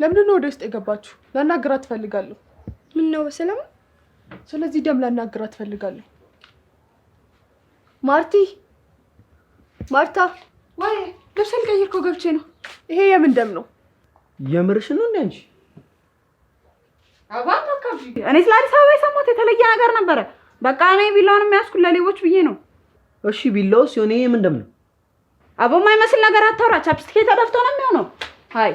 ለምንድን ነው ወደ ውስጥ የገባችሁ? ላናግራት ትፈልጋለሁ። ምን ነው ስለምን? ስለዚህ ደም ላናግራት ትፈልጋለሁ። ማርቲ፣ ማርታ። ወይ ልብስ ልቀይር እኮ ገብቼ ነው። ይሄ የምን ደም ነው? የምርሽ ነው እንዴ አንቺ? እኔ ስለ አዲስ አበባ የሰማሁት የተለየ ነገር ነበረ። በቃ እኔ ቢላውን የሚያስኩ ለሌቦች ብዬ ነው። እሺ ቢላው ሲሆን ይሄ የምን ደም ነው? አቦ የማይመስል ነገር አታውራ። ቻፕስቲክ ተደፍቶ ነው የሚሆነው። አይ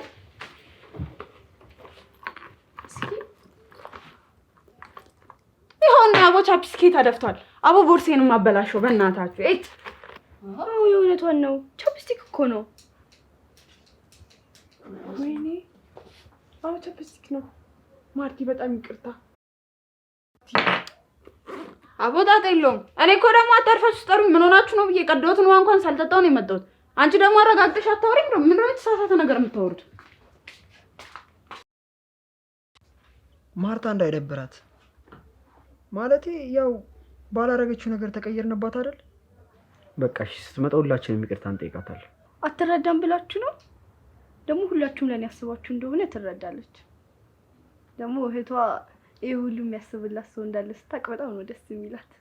ይሆን አቦ ቻፕስኬት ታደፍቷል አቦ ቦርሴን ማበላሸው በእናታችሁ። እት አዎ የእውነቷን ነው። ቻፕስቲክ እኮ ነው። ወይኔ አዎ ቻፕስቲክ ነው። ማርቲ በጣም ይቅርታ አቦ። ጣጣ የለውም። እኔ እኮ ደግሞ አታርፋችሁ ስጠሩኝ ምን ሆናችሁ ነው ብዬ ቀደውት ነው እንኳን ሳልጠጣው ነው የመጣሁት። አንቺ ደግሞ አረጋግጠሽ አታወሪም ነው? ምንድነው የተሳሳተ ነገር የምታወሩት? ማርታ እንዳይደብራት ማለቴ ያው ባላረገችው ነገር ተቀየርንባት አይደል? በቃ እሺ፣ ስትመጣ ሁላችንም ይቅርታ እንጠይቃታለን። አትረዳም ብላችሁ ነው ደግሞ ሁላችሁም ለእኔ ያስባችሁ እንደሆነ ትረዳለች። ደግሞ እህቷ ይህ ሁሉ የሚያስብላት ሰው እንዳለ ስታቅ በጣም ነው ደስ የሚላት።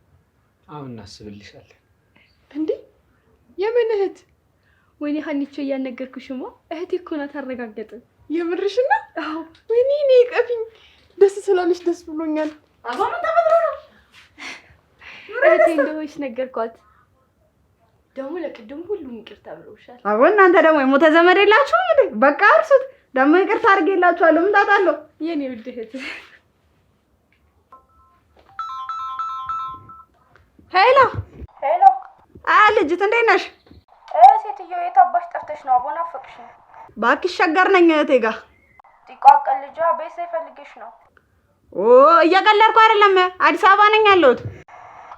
አሁን እናስብልሻለን። እንዴ የምን እህት? ወይኔ ሀኒቾ፣ እያነገርኩሽማ እህቴ እኮ ናት። አረጋገጥን። የምርሽና? ወይኔ ቀፊኝ። ደስ ስላለች ደስ ብሎኛል። እህቴ ደሞ ነገርኳት። ደግሞ ለቅድም ሁሉም ይቅርታ ብለውሻል። አዎ እናንተ ደግሞ የሞተ ዘመድ የላችሁ እንዴ? በቃ እርሱት ደግሞ ይቅርታ አድርጌላችኋለሁ። ምን ታጣለሁ? የኔ ውድ እህት ሄሎ ሄሎ። አይ ልጅት እንዴት ነሽ? ሴትዮ የት አባሽ ጠፍተሽ ነው? አቦና ፈቅሽ ነው። እባክሽ ሸገር ነኝ እህቴ ጋር ጢቋቀል ልጇ ቤት ሳይፈልግሽ ነው። ኦ እየቀለድኩ አይደለም፣ አዲስ አበባ ነኝ ያለሁት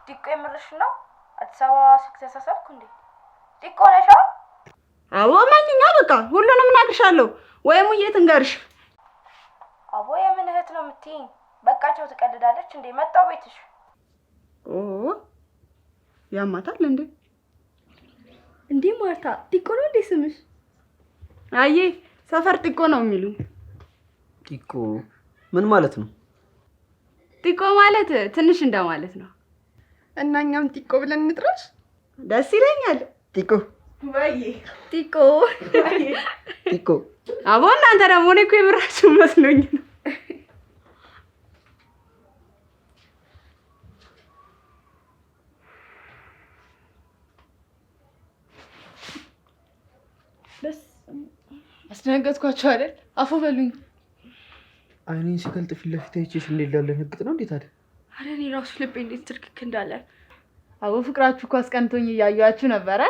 ዲቆ የምርሽ ነው? አዲስ አበባ ተሳሳትኩ እንዴ? ዲቆ ነሻ? አዎ ማንኛ በቃ ሁሉንም እነግርሻለሁ። ወይም ውየት እንገርሽ። አቦ የምን እህት ነው የምትይኝ? በቃቸው ትቀልዳለች እንዴ? መጣው ቤትሽ። ያማታል እንዴ? እንዴ ማርታ ዲቆ ነው እንዴ ስምሽ? አዬ ሰፈር ጢቆ ነው የሚሉ። ጢቆ ምን ማለት ነው? ጢቆ ማለት ትንሽ እንደማለት ነው። እና እኛም ጢቆ ብለን እንጥራሽ። ደስ ይለኛል። ጢቆ ጢቆ ጢቆ። አቦ እናንተ ደግሞ እኔ እኮ የምራችሁ መስሎኝ ነው። አስደነገጥኳቸው አይደል? አፎ በሉኝ። አይኔን ሲገልጥ ፊት ለፊት አይቼሽ እንዴት ላለ ነግጥ ነው እንዴት አይደል አረ እኔ ራሱ ልቤ እንዴት ትርክክ እንዳለ። አቦ ፍቅራችሁ እኮ አስቀንቶኝ እያዩዋችሁ ነበረ።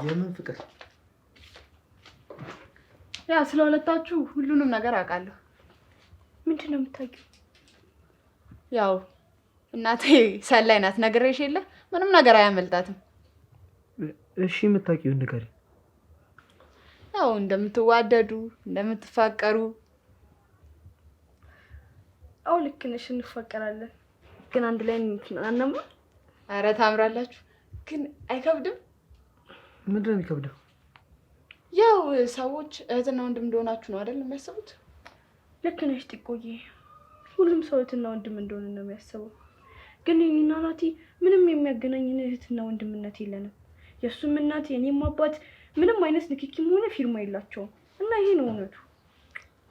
የምን ፍቅር? ያ ስለ ሁለታችሁ ሁሉንም ነገር አውቃለሁ። ምንድን ነው የምታውቂው? ያው እናቴ ሰላይ ናት፣ ነግሬሽ የለ ምንም ነገር አያመልጣትም። እሺ የምታውቂው ንገሪኝ። ያው እንደምትዋደዱ እንደምትፋቀሩ አው ልክ ነሽ፣ እንፈቀራለን። ግን አንድ ላይ እንጽናናማ። አረ ታምራላችሁ። ግን አይከብድም? ምንድን ነው የሚከብደው? ያው ሰዎች እህትና ወንድም እንደሆናችሁ ነው አይደል የሚያስቡት? ልክ ነሽ ጥቆዬ። ሁሉም ሰው እህትና ወንድም እንደሆነ ነው የሚያስበው። ግን እኔና ናቲ ምንም የሚያገናኝን እህትና ወንድምነት የለንም። የእሱም እናት የኔም አባት ምንም አይነት ንክኪም ሆነ ፊርማ የላቸውም እና ይሄ ነው እውነቱ።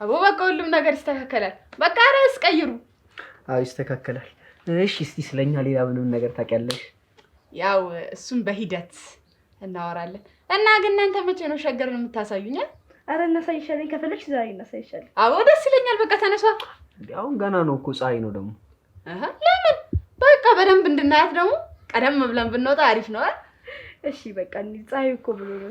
አቦ በቃ ሁሉም ነገር ይስተካከላል። በቃ ርዕስ ቀይሩ። አዎ ይስተካከላል። እሺ፣ እስቲ ስለኛ ሌላ ምንም ነገር ታውቂያለሽ? ያው እሱም በሂደት እናወራለን እና ግን እናንተ መቼ ነው ሸገርን የምታሳዩኛል? አረ እናሳይሻለን፣ ከፈለግሽ ዛሬ እናሳይሻለን። አቦ ደስ ይለኛል። በቃ ተነሷ። አሁን ገና ነው እኮ ፀሐይ ነው ደግሞ። ለምን በቃ በደንብ እንድናያት ደግሞ ቀደም ብለን ብንወጣ አሪፍ ነው። እሺ በቃ ፀሐይ እኮ ብሎ ነው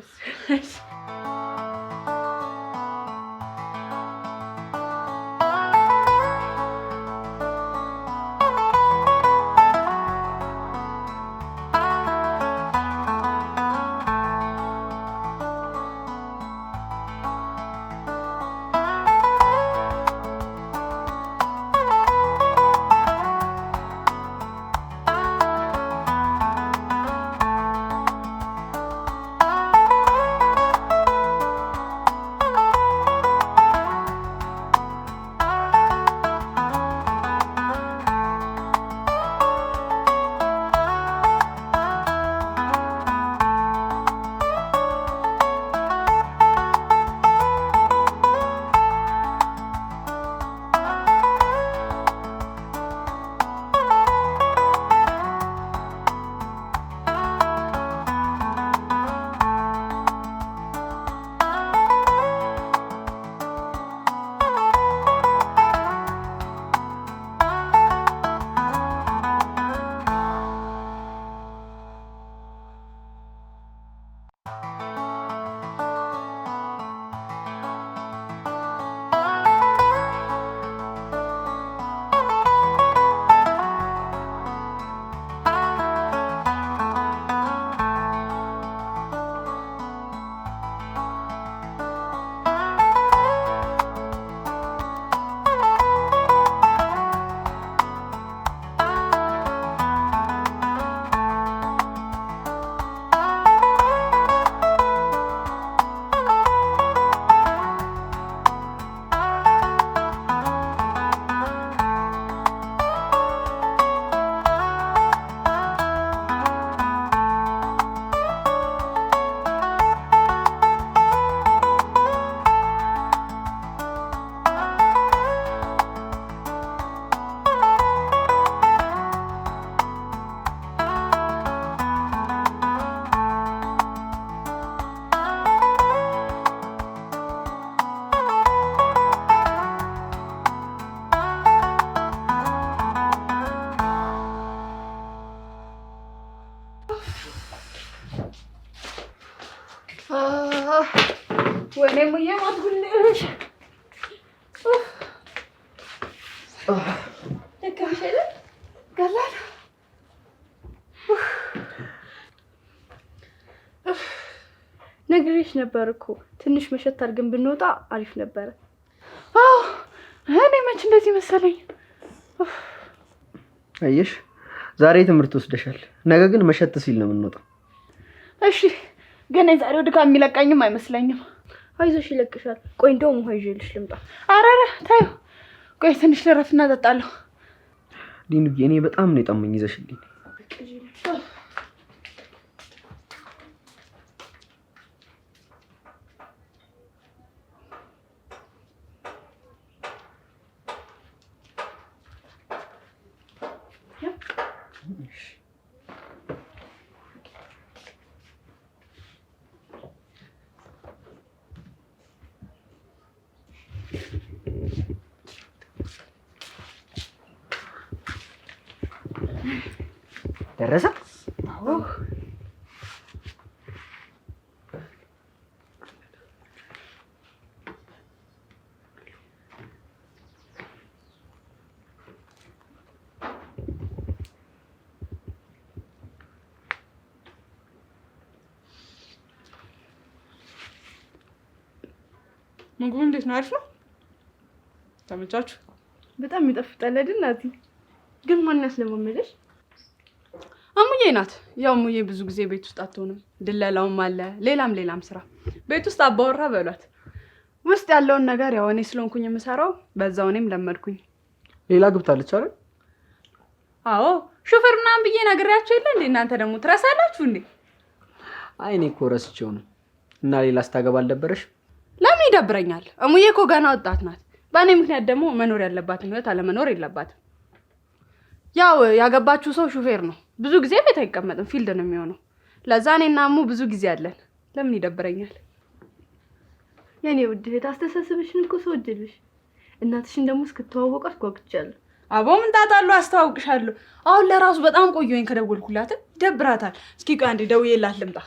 ነግሬሽ ነበር እኮ ትንሽ መሸት አድርገን ብንወጣ አሪፍ ነበረ። እኔ መች እንደዚህ መሰለኝ። አየሽ፣ ዛሬ ትምህርት ወስደሻል፣ ነገ ግን መሸት ሲል ነው የምንወጣው። እሺ፣ ግን የዛሬው ድካም የሚለቃኝም አይመስለኝም። አይዞሽ፣ ይለቅሻል። ቆይ እንደውም ውሃ ይዤልሽ ልምጣ። አረረ ታዩ ቆይ ትንሽ ልረፍና ጠጣለሁ። ዲኑዬ፣ እኔ በጣም ነው የጠመኝ ይዘሽልኝ ደረሰ። ምግቡ እንዴት ነው? አሪፍ ነው። ተመቻችሁ? በጣም ይጠፍጣል አይደል? ናቲ ግን ማን ያስለመመደሽ? እሙዬ ናት። ያው እሙዬ ብዙ ጊዜ ቤት ውስጥ አትሆንም። ድለላውም አለ፣ ሌላም ሌላም ስራ። ቤት ውስጥ አባወራ በሏት። ውስጥ ያለውን ነገር ያው እኔ ስለሆንኩኝ የምሰራው በዛው እኔም ለመድኩኝ። ሌላ ግብታለች አይደል? አዎ ሹፌር ምናምን ብዬ ነግሬያቸው የለ እንዴ? እናንተ ደግሞ ትረሳላችሁ እንዴ? አይ እኔ እኮ ረስቼው ነው። እና ሌላ ስታገባ አልደበረሽ? ለምን ይደብረኛል? እሙዬ እኮ ገና ወጣት ናት። በእኔ ምክንያት ደግሞ መኖር ያለባትን ህይወት አለመኖር የለባትም። ያው ያገባችሁ ሰው ሹፌር ነው ብዙ ጊዜ ቤት አይቀመጥም፣ ፊልድ ነው የሚሆነው። ለዛ እኔና እሙ ብዙ ጊዜ አለን። ለምን ይደብረኛል? የኔ ውድ እህት አስተሳሰብሽን እኮ ሰወድልሽ። እናትሽን ደግሞ እስክተዋወቃት ጓጉቻለሁ። አቦ ምንጣጣሉ አስተዋውቅሻለሁ። አሁን ለራሱ በጣም ቆየኝ ከደወልኩላት፣ ይደብራታል። እስኪ ቆይ አንዴ ደውዬላት ልምጣ።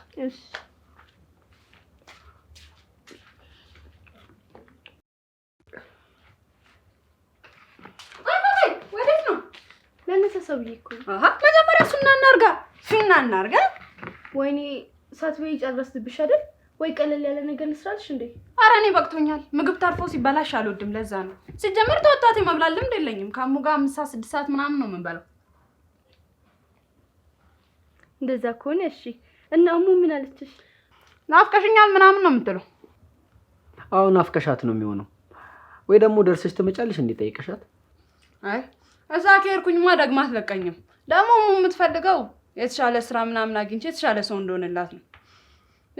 ለእነሰ ሰውዬ እኮ መጀመሪያ ሱና እናርጋ ሱና እናርጋ። ወይኔ ሳትበይ ጨረስብሽ አይደል? ወይ ቀለል ያለ ነገር እንስራልሽ እንዴ? አረ እኔ በቅቶኛል። ምግብ ታርፎ ሲበላሽ አልወድም። ለዛ ነው ሲጀመር ተወጣቴ መብላት ልምድ የለኝም። ከአሙ ጋር አምስት ሰዓት ስድስት ሰዓት ምናምን ነው የምንበላው። እንደዛ ከሆነ እሺ። እና አሙ ምን አለችሽ? ናፍቀሽኛል ምናምን ነው የምትለው? አዎ ናፍቀሻት ነው የሚሆነው። ወይ ደግሞ ደርሰሽ ትመጫለሽ እንዴ ጠይቀሻት። አይ እዛ ከሄድኩኝማ ደግማ አትለቀኝም። ደግሞ የምትፈልገው የተሻለ ስራ ምናምን አግኝቼ የተሻለ ሰው እንደሆነላት ነው።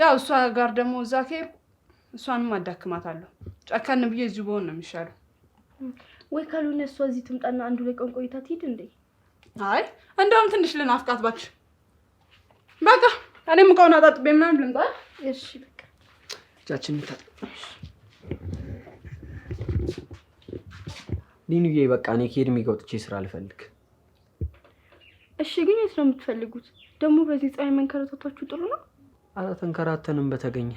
ያው እሷ ጋር ደግሞ እዛ ከሄድኩ እሷንም አዳክማታለሁ። ጨከን ብዬ እዚሁ በሆን ነው የሚሻለው። ወይ ካልሆነ እሷ እዚህ ትምጣና አንዱ ላይ ቀን ቆይታ ትሂድ እንዴ? አይ እንደውም ትንሽ ልናፍቃት ባች። በቃ እኔም እቃውን አጣጥቤ ምናምን ልምጣ። እሺ በቃ እጃችን ሊኑዬ በቃ እኔ ኬድ ጋር ወጥቼ ስራ አልፈልግ። እሺ ግን የት ነው የምትፈልጉት? ደግሞ በዚህ ፀሐይ መንከራተታችሁ ጥሩ ነው። አላተንከራተንም በተገኘ።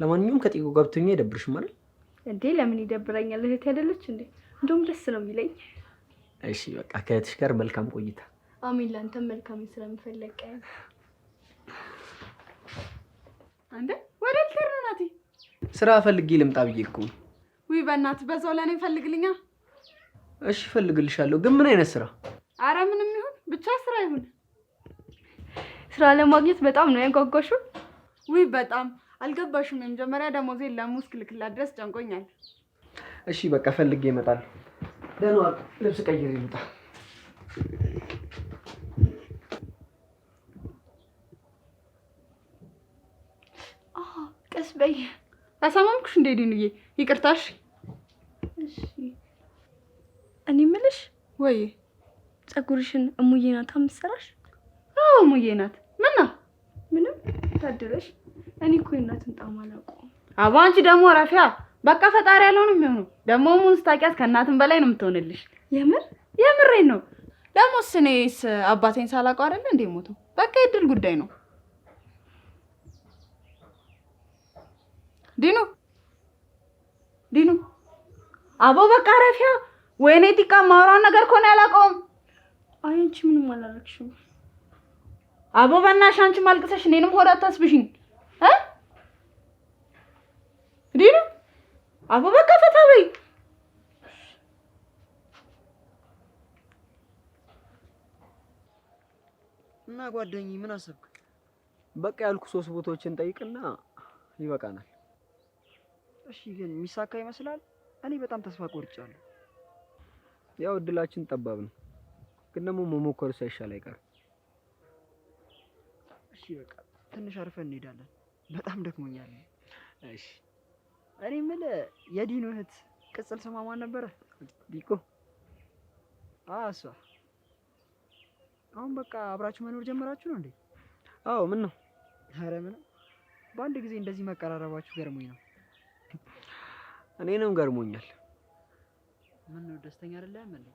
ለማንኛውም ከጤጎ ገብቶኛ አይደብርሽም አይደል? እንዴ ለምን ይደብረኛል? እህት ያደለች እንዴ? እንደውም ደስ ነው የሚለኝ። እሺ በቃ ከእህትሽ ጋር መልካም ቆይታ። አሚን ለአንተም መልካም ስለምፈለቀ አንተ ወደ ልትሄድ ነው ናቴ? ስራ ፈልጌ ልምጣ ብዬ እኮ። ውይ በእናትህ በዛው ለእኔ ፈልግልኛ እሺ እፈልግልሻለሁ። ግን ምን አይነት ስራ? አረ ምንም ይሁን ብቻ ስራ ይሁን። ስራ ለማግኘት በጣም ነው ያንጓጓሽው? ውይ በጣም አልገባሽም። የመጀመሪያ ደሞዜን ለሙስክ ልክላ ድረስ ጨንቆኛል። እሺ በቃ ፈልጌ ይመጣል። ደህና ዋል። ልብስ ቀይሬ ልምጣ። ቀስ በይ። አሳማምኩሽ እንዴ? ዲኑዬ ይቅርታሽ። እሺ እኔ ምልሽ ወይ ጸጉርሽን እሙዬ ናት የምትሰራሽ? አዎ እሙዬ ናት። ምነው ምንም ታድለሽ። እኔ እኮ የእናትን ጣዕም አላውቀውም። አቦ አንቺ ደግሞ ረፊያ በቃ ፈጣሪ ያለው ነው የሚሆነው ደግሞ ሙን ስታውቂያት ከእናትን በላይ ነው የምትሆንልሽ። የምር የምሬን ነው። ደግሞስ ስኔስ አባቴን ሳላውቀው አይደለ እንዴ ሞቶ በቃ የድል ጉዳይ ነው። ዲኑ ዲኑ አቦ በቃ ረፊያ ወይኔ ቲቃ ማውራውን ነገር ከሆነ አላውቀውም አይ አንቺ ምንም አላረግሽም። አቦ በእናትሽ አንቺ ማልቅሰሽ እኔንም ሆድ አታስብሽኝ እ እንዲህ ነው አቦ በቃ ፈታ በይ። እና ጓደኝ ምን አሰብክ? በቃ ያልኩ ሶስት ቦታዎችን ጠይቅና ይበቃናል። እሺ ግን የሚሳካ ይመስላል። እኔ በጣም ተስፋ ቆርጫለሁ። ያው እድላችን ጠባብ ነው፣ ግን ደግሞ መሞከር ሳይሻል አይቀርም። እሺ በቃ ትንሽ አርፈን እንሄዳለን። በጣም ደክሞኛል። እሺ እኔ የምልህ የዲኑ እህት ቅጽል ስሟ ማን ነበረ? ዲቆ። እሷ። አሁን በቃ አብራችሁ መኖር ጀመራችሁ ነው እንዴ? አዎ። ምን ነው? አረ ምን በአንድ ጊዜ እንደዚህ መቀራረባችሁ ገርሞኝ ነው። እኔንም ገርሞኛል። ምን ነው ደስተኛ አይደለም እንዴ?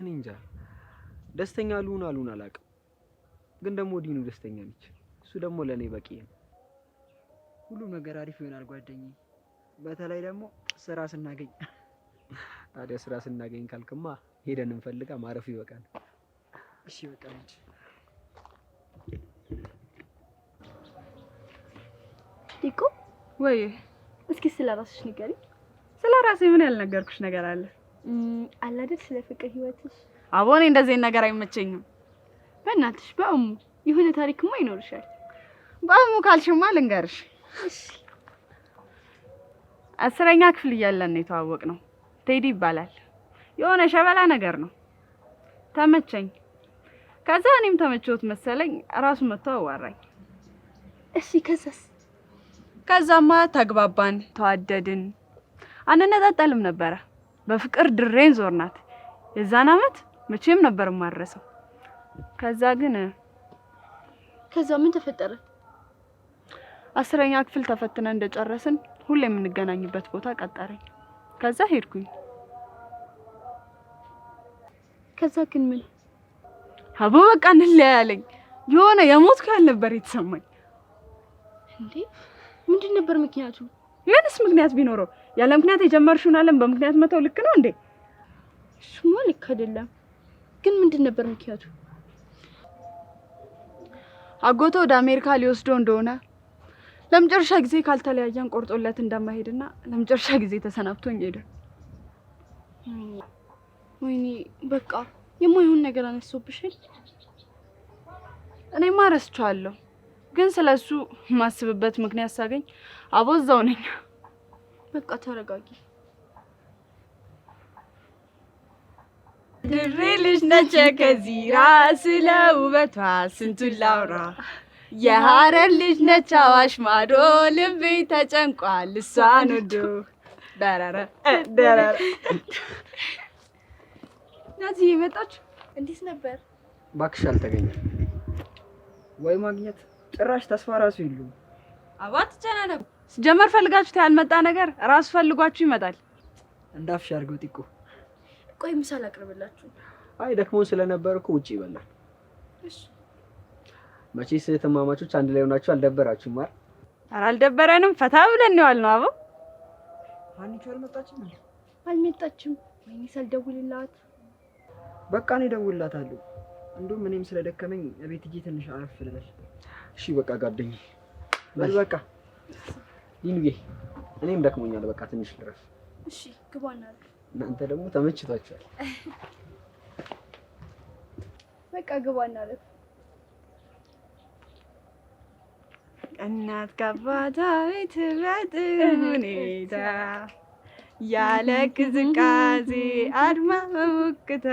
እኔ እንጃ ደስተኛ ልሁን አልሁን አላውቅም። ግን ደግሞ ዲኑ ደስተኛ ነች። እሱ ደግሞ ለእኔ በቂ ነው። ሁሉም ነገር አሪፍ ይሆናል ጓደኛዬ። በተለይ ደግሞ ስራ ስናገኝ። ታዲያ ስራ ስናገኝ ካልክማ ሄደን እንፈልጋ ማረፍ ይበቃል። እሺ በቃ እንጂ ወይ እስኪ ስለ ራስሽ ንገሪኝ። ስለ ራሴ ምን ያልነገርኩሽ ነገር አለ? አለ አይደል? ስለ ፍቅር ህይወትሽ። አቦ እኔ እንደዚህ ነገር አይመቸኝም። በእናትሽ በእሙ የሆነ ታሪክማ ይኖርሻል። በእሙ ካልሽማ ልንገርሽ። አስረኛ ክፍል እያለን ነው ቴዲ ይባላል። የሆነ ሸበላ ነገር ነው። ተመቸኝ። ከዛ እኔም ተመቸውት መሰለኝ ራሱ መጥቶ አዋራኝ። እሺ ከዛስ? ከዛማ ተግባባን፣ ተዋደድን። አንነጣጠልም ነበረ። በፍቅር ድሬን ዞር ናት። የዛን አመት መቼም ነበር የማረሰው። ከዛ ግን ከዛ ምን ተፈጠረ? አስረኛ ክፍል ተፈትነ እንደጨረስን ሁሌ የምንገናኝበት ቦታ ቀጠረኝ። ከዛ ሄድኩኝ። ከዛ ግን ምን አቦ በቃ እንለያያለኝ። የሆነ የሞትኩ ያህል ነበር የተሰማኝ። እንዴ ምንድን ነበር ምክንያቱ? ምንስ ምክንያት ቢኖረው ያለ ምክንያት የጀመርሽውን አለም በምክንያት መተው ልክ ነው እንዴ? እሱማ ልክ አይደለም። ግን ምንድን ነበር ምክንያቱ? አጎቶ ወደ አሜሪካ ሊወስዶ እንደሆነ ለመጨረሻ ጊዜ ካልተለያየን ቆርጦለት እንደማይሄድና ለመጨረሻ ጊዜ ተሰናብቶኝ ሄደ። ወይኔ በቃ የማይሆን ነገር አነሶብሻል። እኔማ ረስቼዋለሁ። ግን ስለ እሱ ምክንያት ሳገኝ አቦዛው ነኝ። በቃ ተረጋጊ። ድሬ ልጅ ነች ከዚራ ስለ ውበቷ ስንቱን ላውራ። የሀረር ልጅ ነች አዋሽ ማዶ ልቤ ተጨንቋል እሷን ወዶ ደረረ ደረረ። ናዚህ የመጣች እንዴት ነበር? እባክሽ አልተገኘም ወይ ማግኘት ጭራሽ ተስፋ ራሱ ይሉ አባት ጨናነቁ ስጀመር ፈልጋችሁት ያልመጣ ነገር ራሱ ፈልጓችሁ ይመጣል። እንዳፍሽ አድርገው ጥቁ። ቆይ ምሳ ላቅርብላችሁ። አይ ደክሞን ስለነበር እኮ ውጪ ይበላል። እሺ መቼስ እህትማማቾች አንድ ላይ ሆናችሁ አልደበራችሁም ማር ኧረ አልደበረንም፣ ፈታ ብለን የዋል ነው። አቦ። አንቺ አልመጣችም? አልመጣችም። ወይኔ ሳልደውልላት። በቃ እኔ እደውልላታለሁ። እንዲሁም እኔም ስለደከመኝ እቤት እጄ ትንሽ አረፍ ልበል። እሺ በቃ ጋደኝ በል በቃ ይልዬ፣ እኔም ደክሞኛል። በቃ ትንሽ ልረፍ። እሺ ግባና እናንተ ደግሞ ተመችቷችኋል። በቃ ግባና ልፍ እናት ከአባታ ቤት በጥሩ ሁኔታ ያለ ቅዝቃዜ አድማ በሞቅታ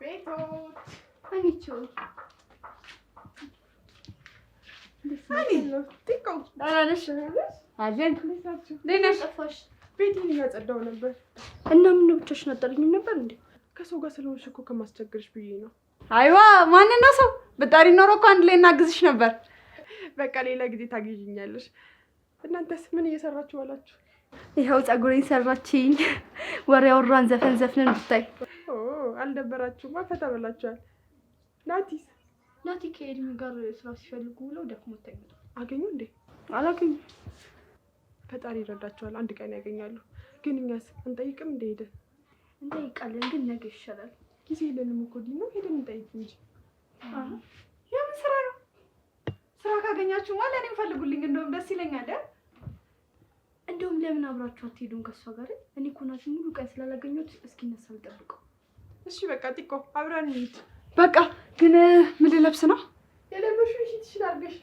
ቤቶች A нічого. ቤቴን እያጸዳሁ ነበር እና ምን ብቻሽ ናጠርኝም ነበር እንዴ? ከሰው ጋር ስለሆንሽ እኮ ከማስቸገርሽ ብዬ ነው። አይዋ ማንና ሰው ብጠሪ ኖሮ እኮ አንድ ላይ እናግዝሽ ነበር። በቃ ሌላ ጊዜ ታግዥኛለሽ። እናንተስ ምን እየሰራችሁ ዋላችሁ? ይኸው ፀጉሬን ሰራችኝ። ወሬ አወራን ዘፈን ዘፍንን ብታይ አልደበራችሁም? ፈታ ብላችኋል። ናቲስ ናቲ ከኤድሚ ጋር ስራ ሲፈልጉ ብለው ደክሞ ተኝቷል። አገኙ እንዴ? አላገኙ። ፈጣሪ ይረዳቸዋል። አንድ ቀን ያገኛሉ። ግን እኛስ እንጠይቅም? እንደ ሄደን እንጠይቃለን፣ ግን ነገ ይሻላል። ጊዜ የለንም እኮ ነው። ሄደን እንጠይቅ እንጂ የምን ስራ ነው? ስራ ካገኛችሁ ማለት ለእኔም ፈልጉልኝ። እንደውም ደስ ይለኛል። እንደውም ለምን አብራችሁ አትሄዱም ከእሷ ጋር? እኔ እኮ ናቲ ሙሉ ቀን ስላላገኘሁት እስኪነሳ ልጠብቀው እሺ በቃ ጢቆ አብረን እንሂድ። በቃ ግን ምን ልለብስ ነው? የለበሽው ሽት ሽት አድርገሽ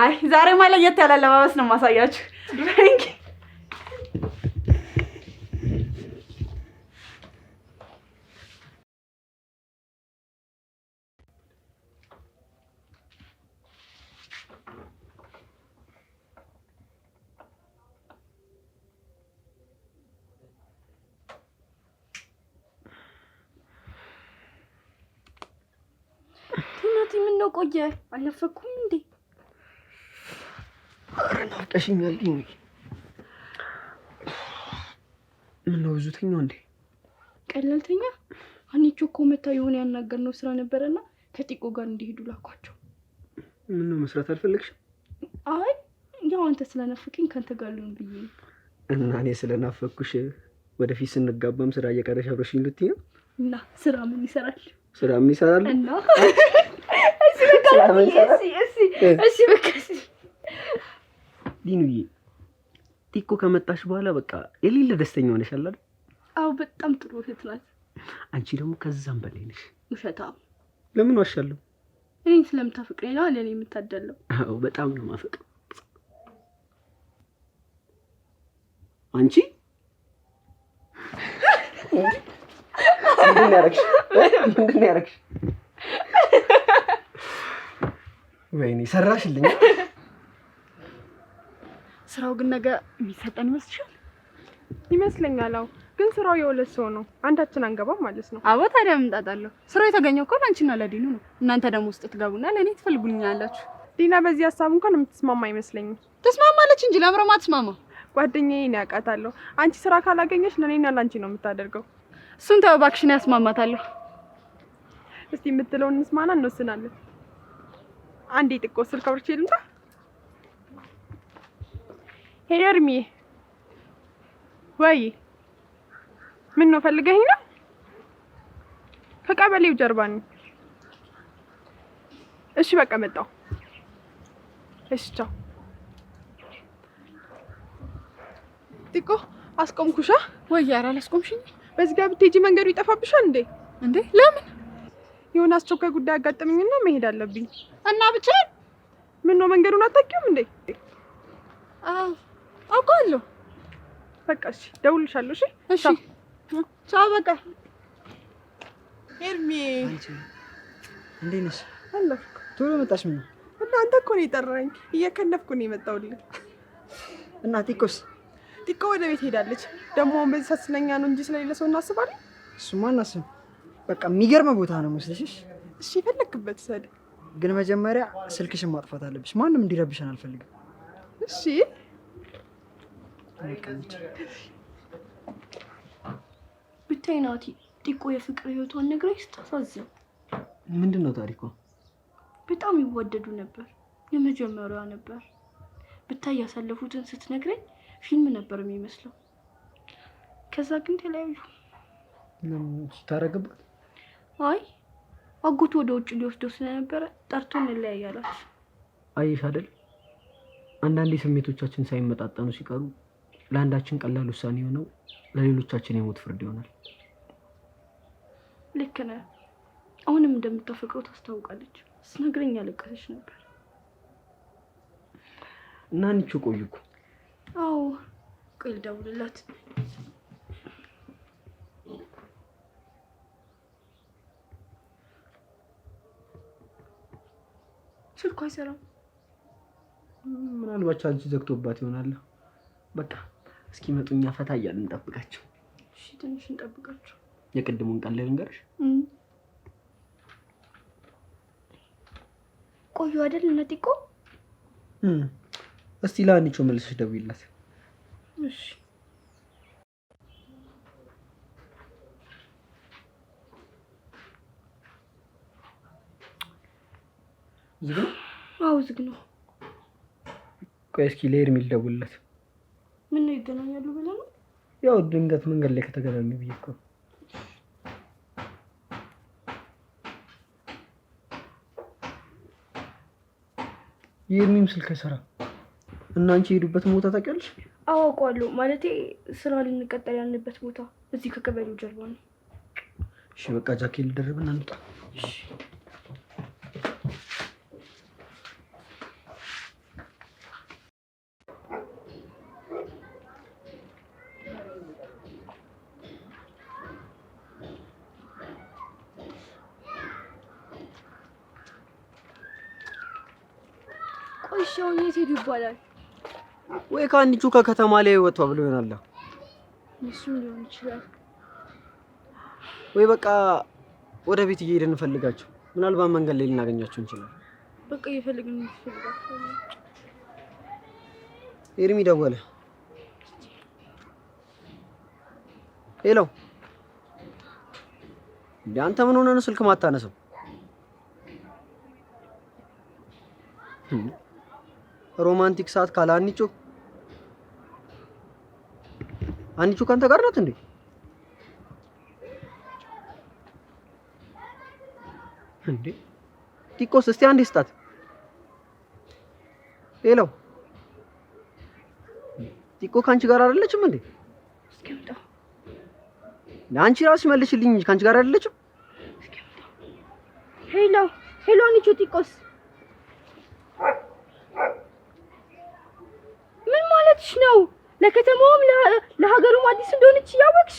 አይ ዛሬማ ለየት ያለ አለባበስ ነው ማሳያችሁ። ንኪ ቆየ አልነፈኩም እንዴ? ኧረ ናፍቀሽኛል። ምነው ብዙ ተኛው እንዴ? ቀለልተኛ አኔቾ እኮ መታ የሆነ ያናገርነው ስራ ነበረና ከጢቆ ጋር እንዲሄዱ ላኳቸው። ምነው መስራት አልፈለግሽም? አይ ያው አንተ ስለናፈቀኝ ከአንተ ጋር ልሆን ብዬ ነው። እና እኔ ስለናፈኩሽ ወደፊት ስንጋባም ስራ እየቀረሽ አብረሽኝ ልትይ ነው? እና ስራ ምን ይሰራል? ስራ ምን ይሰራል እና ዲኑዬ ቲኮ ከመጣሽ በኋላ በቃ የሌለ ደስተኛ ሆነሽ አለ። አዎ በጣም ጥሩ እህት ናት። አንቺ ደግሞ ከዛም በላይ ነሽ። ውሸታ ለምን ዋሻለሁ? እኔን ስለምታፈቅረኝ ነው ለኔ የምታደለው። አዎ በጣም ነው ማፈቅር። አንቺ ምንድን ነው ምንድን ነው ወይኔ ሰራሽልኝ። ስራው ግን ነገ የሚሰጠን ይመስልሻል? ይመስለኛል። አዎ፣ ግን ስራው የሁለት ሰው ነው፣ አንዳችን አንገባም ማለት ነው። አዎ፣ ታዲያ ምንጣጣለሁ? ስራው የተገኘው እኮ ለአንቺና ለዲኑ ነው። እናንተ ደግሞ ውስጥ ትገቡና ለእኔ ትፈልጉኛላችሁ። ዲና በዚህ ሀሳብ እንኳን የምትስማማ አይመስለኝም። ትስማማለች እንጂ ለምረማ ትስማማ ጓደኛዬን ያውቃታለሁ። አንቺ ስራ ካላገኘሽ ለእኔና ለአንቺ ነው የምታደርገው። እሱን ተው እባክሽን፣ ያስማማታለሁ። እስቲ የምትለውን እንስማና እንወስናለን። አንድ ጥቆ ስልክ አውርቼ ልምጣ። ሄርሚ ወይ ምን ነው ፈልገኝ ነው? ከቀበሌው ጀርባ ነኝ። እሺ በቃ መጣሁ። እሺ ቻው። ጥቆ አስቆምኩሻ ወይ? ኧረ አላስቆምሽኝ። በዚህ ጋር ብትሄጂ መንገዱ ይጠፋብሻል እንዴ? እንዴ ለምን የሆነ አስቸኳይ ጉዳይ አጋጠመኝና መሄድ አለብኝ። እና ብቻ ምን ነው መንገዱን አታውቂውም እንዴ? አውቀዋለሁ። በቃ እሺ፣ ደውልልሻለሁ። እሺ፣ እሺ፣ ቻው። በቃ ኤርሚ፣ እንዴት ነሽ? አለሁ። ቶሎ መጣሽ? ምን ነው እና አንተ እኮ ነው የጠራኝ። እየከነፍኩ ነው የመጣሁልህ። እና ቲኮስ? ቲኮ ወደ ቤት ሄዳለች። ደግሞ በዚህ ሳስለኛ ነው እንጂ ስለሌለ ሰው እናስባለን። እሱማ እናስብ በቃ የሚገርም ቦታ ነው መስለሽሽ? እሺ የፈለክበት ሰድ ግን መጀመሪያ ስልክሽን ማጥፋት አለብሽ። ማንም እንዲረብሽን አልፈልግም። እሺ ብታይ ናቲ ጢቆ የፍቅር ህይወቷን ነግረኝ ስታሳዝን። ምንድን ነው ታሪኮ? በጣም ይወደዱ ነበር። የመጀመሪያ ነበር። ብታይ ያሳለፉትን ስትነግረኝ ፊልም ነበር የሚመስለው። ከዛ ግን ተለያዩ። ታረገባት አይ አጎቱ ወደ ውጭ ሊወስደው ስለነበረ ጠርቶ እንለያያላት። አየሽ አይደል አንዳንዴ ስሜቶቻችን ሳይመጣጠኑ ሲቀሩ ለአንዳችን ቀላል ውሳኔ የሆነው ለሌሎቻችን የሞት ፍርድ ይሆናል። ልክ ነህ። አሁንም እንደምታፈቅረው ታስታውቃለች። ስነግረኝ ያለቀሰች ነበር። እና አንቺ ቆይ እኮ አዎ፣ ቆይ ልደውልላት። ስልኩ አይሰራም። ምናልባት ቻርጅ ዘግቶባት ይሆናል። በቃ እስኪ መጡኛ ፈታ እያልን እንጠብቃቸው። እሺ ትንሽ እንጠብቃቸው። የቅድሙን ቀን ልንገርሽ። ቆዩ አይደል እነጢቆ እስቲ ለአንቺው መልሰሽ ደውይላት። እሺ ዝግ ነው? አዎ ዝግ ነው። ቆይ እስኪ ለሄድ የሚደውልለት ምን ነው ይገናኛሉ ብለህ ነው? ያው ድንገት መንገድ ላይ ከተገናኙ ብዬ እኮ የእድሜም ስልክ አይሰራም። እና አንቺ የሄዱበትን ቦታ ታውቂያለሽ? አዎ አውቀዋለሁ። ማለቴ ስራ ልንቀጠል ያልንበት ቦታ እዚህ ከቀበሌው ጀርባ ነው። እሺ በቃ ጃኬ ልደርብና እንውጣ። ይባላል ወይ? ከአንዲቹ ከከተማ ላይ ወጥቷ ብሎ ይሆናል። እሱም ሊሆን ይችላል። ወይ በቃ ወደ ቤት እየሄድን እንፈልጋቸው። ምናልባት መንገድ ላይ ልናገኛቸው እንችላለን። በቃ እየፈለግን እንፈልጋቸው። ኤርሚ ደወለ። ሄሎ፣ እንደ አንተ ምን ሆነ ነው ስልክ ማታነሰው? ሮማንቲክ ሰዓት ካለ አንቹ አንቹ ካንተ ጋር ናት እንዴ? እንዴ ቲኮስ እስቲ አንዴ ስጣት። ሄሎ ቲኮ ካንቺ ጋር አይደለችም እንዴ? አንቺ ራስሽ መልሽልኝ። ካንቺ ጋር አይደለችም። ሄሎ ሄሎ አንቹ ቲኮስ እውነትሽ ነው። ለከተማውም ለሀገሩም አዲስ እንደሆነች እያወቅሽ